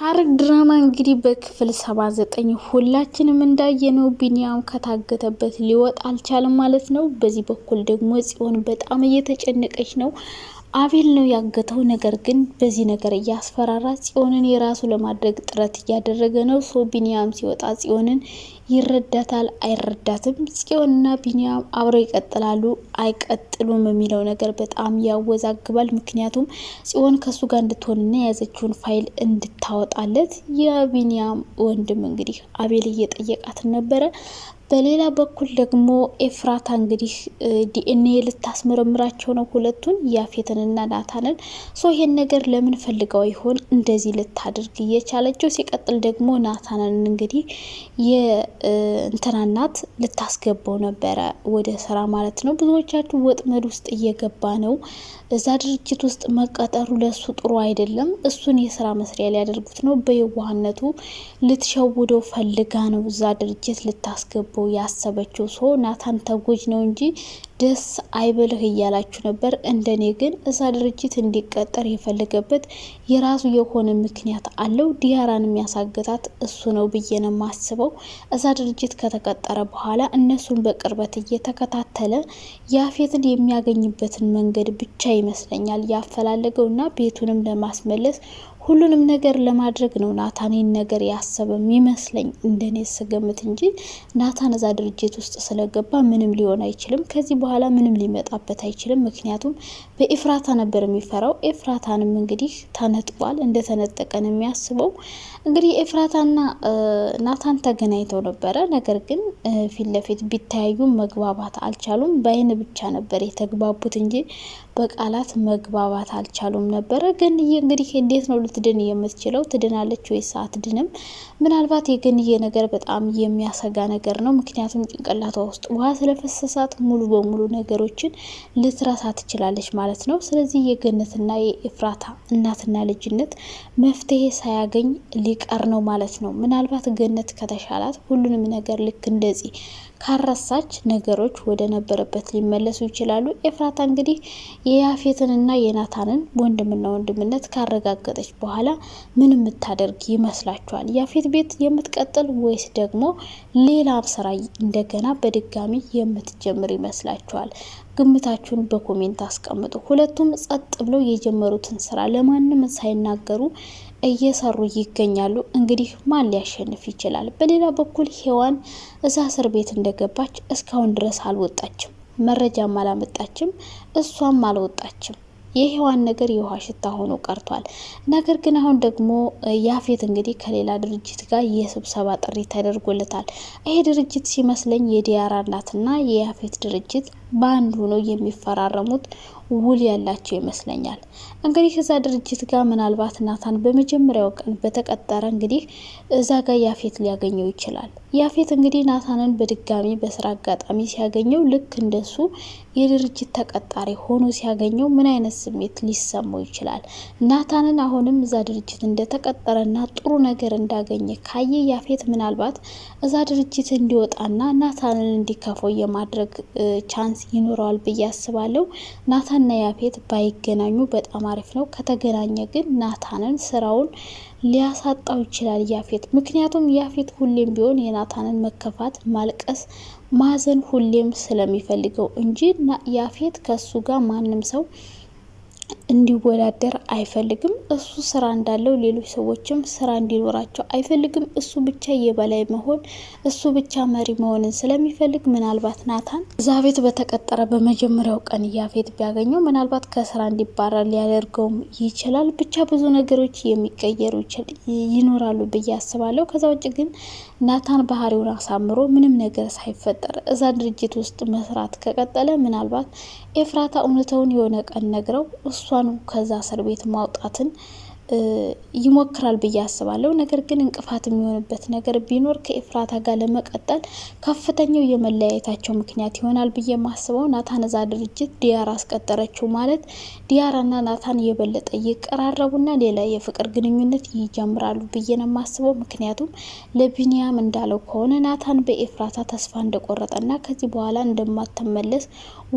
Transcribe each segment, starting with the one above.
ሐረግ ድራማ እንግዲህ በክፍል ሰባ ዘጠኝ ሁላችንም እንዳየነው ቢኒያም ከታገተበት ሊወጣ አልቻለም ማለት ነው። በዚህ በኩል ደግሞ ጽዮን በጣም እየተጨነቀች ነው። አቤል ነው ያገተው። ነገር ግን በዚህ ነገር እያስፈራራ ጽዮንን የራሱ ለማድረግ ጥረት እያደረገ ነው። ሶ ቢኒያም ሲወጣ ጽዮንን ይረዳታል አይረዳትም? ጽዮንና ቢኒያም አብረው ይቀጥላሉ አይቀጥሉም የሚለው ነገር በጣም ያወዛግባል። ምክንያቱም ጽዮን ከእሱ ጋር እንድትሆንና የያዘችውን ፋይል እንድታወጣለት የቢኒያም ወንድም እንግዲህ አቤል እየጠየቃት ነበረ። በሌላ በኩል ደግሞ ኤፍራታ እንግዲህ ዲኤንኤ ልታስመረምራቸው ነው ሁለቱን ያፌትንና ናታንን። ሶ ይሄን ነገር ለምን ፈልገው ይሆን እንደዚህ ልታደርግ እየቻለችው? ሲቀጥል ደግሞ ናታንን እንግዲህ እንትናናት ልታስገባው ነበረ ወደ ስራ ማለት ነው። ብዙዎቻችሁ ወጥመድ ውስጥ እየገባ ነው። እዛ ድርጅት ውስጥ መቀጠሩ ለሱ ጥሩ አይደለም። እሱን የስራ መስሪያ ሊያደርጉት ነው። በየዋህነቱ ልትሸውደው ፈልጋ ነው እዛ ድርጅት ልታስገባው ያሰበችው። ሰው ናታን ተጎጅ ነው እንጂ ደስ አይበልህ እያላችሁ ነበር። እንደኔ ግን እዛ ድርጅት እንዲቀጠር የፈለገበት የራሱ የሆነ ምክንያት አለው። ዲያራን የሚያሳግታት እሱ ነው ብዬ ነው የማስበው። እዛ ድርጅት ከተቀጠረ በኋላ እነሱን በቅርበት እየተከታተለ ያፌትን የሚያገኝበትን መንገድ ብቻ ይመስለኛል ያፈላለገው እና ቤቱንም ለማስመለስ ሁሉንም ነገር ለማድረግ ነው ናታን ይህን ነገር ያሰበም ይመስለኝ እንደኔ ስገምት እንጂ ናታን እዛ ድርጅት ውስጥ ስለገባ ምንም ሊሆን አይችልም። ከዚህ በኋላ ምንም ሊመጣበት አይችልም። ምክንያቱም በኤፍራታ ነበር የሚፈራው። ኤፍራታንም እንግዲህ ተነጥቋል። እንደተነጠቀን የሚያስበው እንግዲህ ኤፍራታና ናታን ተገናኝተው ነበረ። ነገር ግን ፊት ለፊት ቢተያዩም መግባባት አልቻሉም። በአይን ብቻ ነበር የተግባቡት እንጂ በቃላት መግባባት አልቻሉም ነበረ። ገንዬ እንግዲህ እንዴት ነው ልትድን የምትችለው? ትድናለች ወይስ አትድንም? ምናልባት የገንዬ ነገር በጣም የሚያሰጋ ነገር ነው። ምክንያቱም ጭንቅላቷ ውስጥ ውሃ ስለፈሰሳት ሙሉ በሙሉ ነገሮችን ልትረሳ ትችላለች ማለት ነው። ስለዚህ የገነትና የኤፍራታ እናትና ልጅነት መፍትሄ ሳያገኝ የሚቀር ነው ማለት ነው። ምናልባት ገነት ከተሻላት ሁሉንም ነገር ልክ እንደዚህ ካረሳች ነገሮች ወደ ነበረበት ሊመለሱ ይችላሉ። ኤፍራታ እንግዲህ የያፌትንና የናታንን ወንድምና ወንድምነት ካረጋገጠች በኋላ ምን የምታደርግ ይመስላችኋል? ያፌት ቤት የምትቀጥል ወይስ ደግሞ ሌላ ስራ እንደገና በድጋሚ የምትጀምር ይመስላችኋል? ግምታችሁን በኮሜንት አስቀምጡ። ሁለቱም ጸጥ ብለው የጀመሩትን ስራ ለማንም ሳይናገሩ እየሰሩ ይገኛሉ። እንግዲህ ማን ሊያሸንፍ ይችላል? በሌላ በኩል ሔዋን እዛ እስር ቤት እንደገባች እስካሁን ድረስ አልወጣችም፣ መረጃም አላመጣችም፣ እሷም አልወጣችም። የሔዋን ነገር የውሃ ሽታ ሆኖ ቀርቷል። ነገር ግን አሁን ደግሞ ያፌት እንግዲህ ከሌላ ድርጅት ጋር የስብሰባ ጥሪ ተደርጎለታል። ይሄ ድርጅት ሲመስለኝ የዲያራ እናትና የያፌት ድርጅት በአንድ ሆነው የሚፈራረሙት ውል ያላቸው ይመስለኛል። እንግዲህ እዛ ድርጅት ጋር ምናልባት ናታን በመጀመሪያው ቀን በተቀጠረ እንግዲህ እዛ ጋር ያፌት ሊያገኘው ይችላል። ያፌት እንግዲህ ናታንን በድጋሚ በስራ አጋጣሚ ሲያገኘው ልክ እንደሱ የድርጅት ተቀጣሪ ሆኖ ሲያገኘው ምን አይነት ስሜት ሊሰማው ይችላል? ናታንን አሁንም እዛ ድርጅት እንደተቀጠረና ጥሩ ነገር እንዳገኘ ካየ ያፌት ምናልባት እዛ ድርጅት እንዲወጣና ናታንን እንዲከፈው የማድረግ ቻንስ ይኖረዋል ብዬ አስባለሁ። ናታን ሀና ያፌት ባይገናኙ በጣም አሪፍ ነው። ከተገናኘ ግን ናታንን ስራውን ሊያሳጣው ይችላል ያፌት። ምክንያቱም ያፌት ሁሌም ቢሆን የናታንን መከፋት፣ ማልቀስ፣ ማዘን ሁሌም ስለሚፈልገው እንጂ ያፌት ከሱ ጋር ማንም ሰው እንዲወዳደር አይፈልግም። እሱ ስራ እንዳለው ሌሎች ሰዎችም ስራ እንዲኖራቸው አይፈልግም። እሱ ብቻ የበላይ መሆን፣ እሱ ብቻ መሪ መሆንን ስለሚፈልግ ምናልባት ናታን እዛ ቤት በተቀጠረ በመጀመሪያው ቀን እያፌት ቢያገኘው ምናልባት ከስራ እንዲባረር ሊያደርገውም ይችላል። ብቻ ብዙ ነገሮች የሚቀየሩ ይኖራሉ ብዬ አስባለሁ። ከዛ ውጭ ግን ናታን ባህሪውን አሳምሮ ምንም ነገር ሳይፈጠር እዛ ድርጅት ውስጥ መስራት ከቀጠለ ምናልባት ኤፍራታ እውነታውን የሆነ ቀን ነግረው እሷን ከዛ እስር ቤት ማውጣትን ይሞክራል ብዬ አስባለሁ። ነገር ግን እንቅፋት የሚሆንበት ነገር ቢኖር ከኤፍራታ ጋር ለመቀጠል ከፍተኛው የመለያየታቸው ምክንያት ይሆናል ብዬ ማስበው ናታን እዛ ድርጅት ዲያራ አስቀጠረችው ማለት ዲያራና ናታን የበለጠ ይቀራረቡና ሌላ የፍቅር ግንኙነት ይጀምራሉ ብዬ ነው የማስበው። ምክንያቱም ለቢንያም እንዳለው ከሆነ ናታን በኤፍራታ ተስፋ እንደቆረጠና ከዚህ በኋላ እንደማትመለስ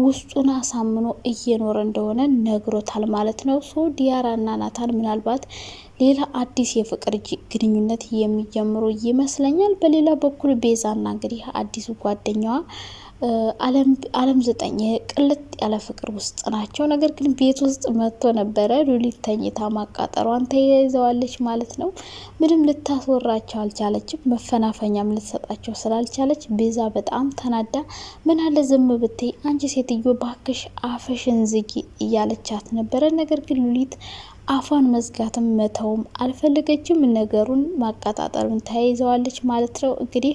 ውስጡን አሳምኖ እየኖረ እንደሆነ ነግሮታል ማለት ነው። ሶ ዲያራና ናታን ምናልባት በመስጠት ሌላ አዲስ የፍቅር ግንኙነት የሚጀምሩ ይመስለኛል። በሌላ በኩል ቤዛና እንግዲህ አዲሱ ጓደኛዋ አለም ዘጠኝ ቅልጥ ያለ ፍቅር ውስጥ ናቸው። ነገር ግን ቤት ውስጥ መጥቶ ነበረ። ሉሊት ተኝታ ማቃጠሯን ተያይዘዋለች ማለት ነው። ምንም ልታስወራቸው አልቻለችም። መፈናፈኛም ልትሰጣቸው ስላልቻለች ቤዛ በጣም ተናዳ ምን አለ ዝም ብትይ አንቺ ሴትዮ ባክሽ አፍሽን ዝጊ እያለቻት ነበረ። ነገር ግን ሉሊት አፏን መዝጋትም መተውም አልፈለገችም። ነገሩን ማቀጣጠሉን ተያይዘዋለች ማለት ነው። እንግዲህ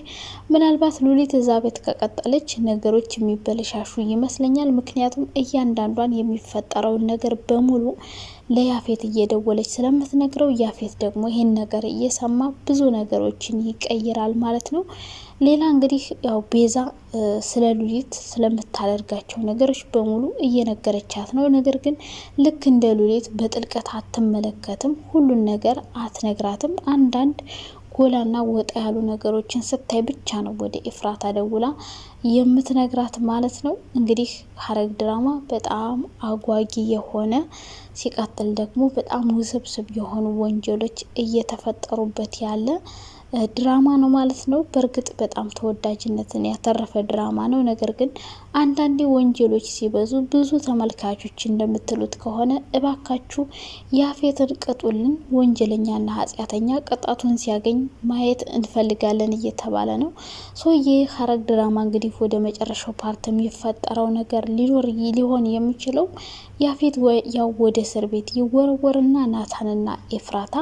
ምናልባት ሉሊት እዛ ቤት ከቀጠለች ነገሮች የሚበለሻሹ ይመስለኛል። ምክንያቱም እያንዳንዷን የሚፈጠረውን ነገር በሙሉ ለያፌት እየደወለች ስለምትነግረው ያፌት ደግሞ ይህን ነገር እየሰማ ብዙ ነገሮችን ይቀይራል ማለት ነው። ሌላ እንግዲህ ያው ቤዛ ስለ ሉሊት ስለምታደርጋቸው ነገሮች በሙሉ እየነገረቻት ነው። ነገር ግን ልክ እንደ ሉሊት በጥልቀት አትመለከትም፣ ሁሉን ነገር አትነግራትም። አንዳንድ ጎላና ወጣ ያሉ ነገሮችን ስታይ ብቻ ነው ወደ ኤፍራታ ደውላ የምትነግራት ማለት ነው። እንግዲህ ሐረግ ድራማ በጣም አጓጊ የሆነ ሲቀጥል ደግሞ በጣም ውስብስብ የሆኑ ወንጀሎች እየተፈጠሩበት ያለ ድራማ ነው ማለት ነው። በእርግጥ በጣም ተወዳጅነትን ያተረፈ ድራማ ነው። ነገር ግን አንዳንዴ ወንጀሎች ሲበዙ ብዙ ተመልካቾች እንደምትሉት ከሆነ እባካችሁ ያፌትን ቅጡልን፣ ወንጀለኛና ኃጢአተኛ ቅጣቱን ሲያገኝ ማየት እንፈልጋለን እየተባለ ነው። ሶ ይህ ሀረግ ድራማ እንግዲህ ወደ መጨረሻው ፓርት የሚፈጠረው ነገር ሊኖር ሊሆን የሚችለው ያፌት ያው ወደ እስር ቤት ይወረወርና ናታንና ኤፍራታ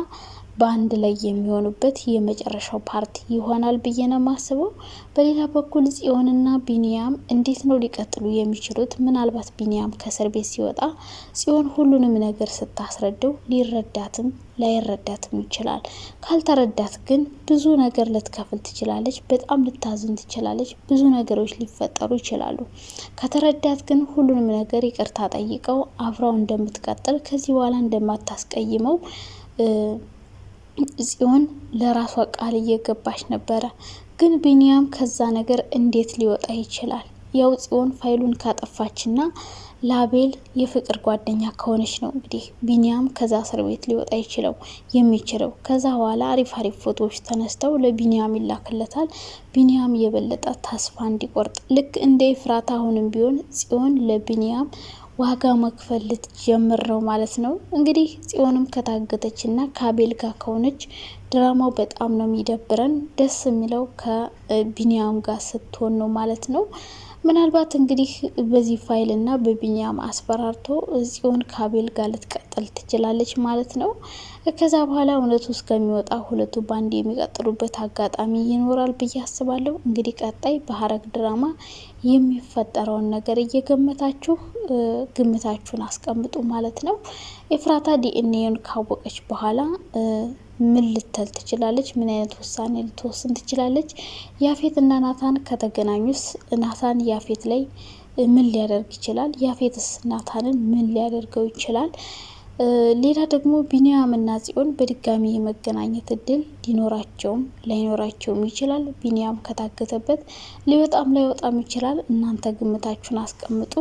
በአንድ ላይ የሚሆኑበት የመጨረሻው ፓርቲ ይሆናል ብዬ ነው የማስበው። በሌላ በኩል ጽዮንና ቢኒያም እንዴት ነው ሊቀጥሉ የሚችሉት? ምናልባት ቢኒያም ከእስር ቤት ሲወጣ ጽዮን ሁሉንም ነገር ስታስረደው ሊረዳትም ላይረዳትም ይችላል። ካልተረዳት ግን ብዙ ነገር ልትከፍል ትችላለች። በጣም ልታዝን ትችላለች። ብዙ ነገሮች ሊፈጠሩ ይችላሉ። ከተረዳት ግን ሁሉንም ነገር ይቅርታ ጠይቀው አብራው እንደምትቀጥል ከዚህ በኋላ እንደማታስቀይመው ጽዮን ለራሷ ቃል እየገባች ነበረ። ግን ቢንያም ከዛ ነገር እንዴት ሊወጣ ይችላል? ያው ጽዮን ፋይሉን ካጠፋችና ላቤል የፍቅር ጓደኛ ከሆነች ነው እንግዲህ ቢንያም ከዛ እስር ቤት ሊወጣ ይችለው የሚችለው። ከዛ በኋላ አሪፍ አሪፍ ፎቶዎች ተነስተው ለቢንያም ይላክለታል። ቢንያም የበለጠ ተስፋ እንዲቆርጥ ልክ እንደ ፍራት አሁንም ቢሆን ጽዮን ለቢንያም ዋጋ መክፈል ልትጀምር ነው ማለት ነው። እንግዲህ ጽዮንም ከታገተች እና ከአቤል ጋር ከሆነች ድራማው በጣም ነው የሚደብረን። ደስ የሚለው ከቢኒያም ጋር ስትሆን ነው ማለት ነው። ምናልባት እንግዲህ በዚህ ፋይል እና በቢኒያም አስፈራርቶ ጽዮን ካቤል ጋር ልትቀጥል ትችላለች ማለት ነው። ከዛ በኋላ እውነቱ እስከሚወጣ ሁለቱ ባንድ የሚቀጥሉበት አጋጣሚ ይኖራል ብዬ አስባለሁ። እንግዲህ ቀጣይ በሀረግ ድራማ የሚፈጠረውን ነገር እየገመታችሁ ግምታችሁን አስቀምጡ ማለት ነው። ኤፍራታ ዲኤንኤን ካወቀች በኋላ ምን ልትል ትችላለች? ምን አይነት ውሳኔ ልትወስን ትችላለች? እና ናታን ከተገናኙስ ናታን ያፌት ላይ ምን ሊያደርግ ይችላል? ያፌትስ ናታንን ምን ሊያደርገው ይችላል? ሌላ ደግሞ ቢኒያም እና ጽዮን በድጋሚ የመገናኘት እድል ሊኖራቸውም ላይኖራቸውም ይችላል። ቢኒያም ከታገተበት ሊወጣም ላይወጣም ይችላል። እናንተ ግምታችሁን አስቀምጡ።